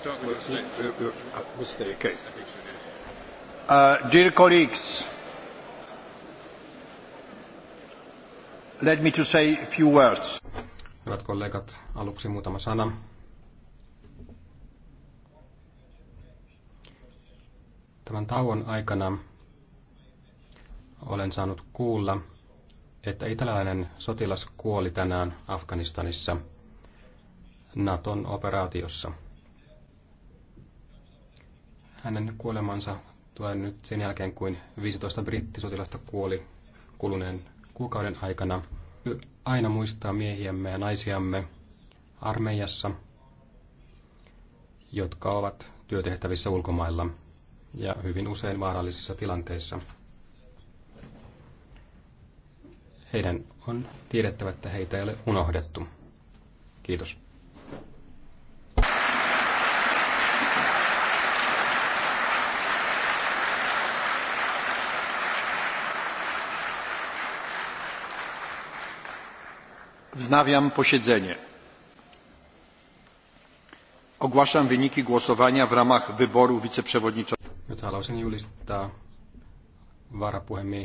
Uh, uh, uh, uh, dear colleagues, let me to say a few words. Hyvät kollegat, aluksi muutama sana. Tämän tauon aikana olen saanut kuulla, että italialainen sotilas kuoli tänään Afganistanissa Naton operaatiossa hänen kuolemansa tulee nyt sen jälkeen, kuin 15 brittisotilasta kuoli kuluneen kuukauden aikana. Aina muistaa miehiämme ja naisiamme armeijassa, jotka ovat työtehtävissä ulkomailla ja hyvin usein vaarallisissa tilanteissa. Heidän on tiedettävä, että heitä ei ole unohdettu. Kiitos. Wznawiam posiedzenie. Ogłaszam wyniki głosowania w ramach wyboru wiceprzewodniczącego. Nyt haluaisin julistaa varapuhemiehiä.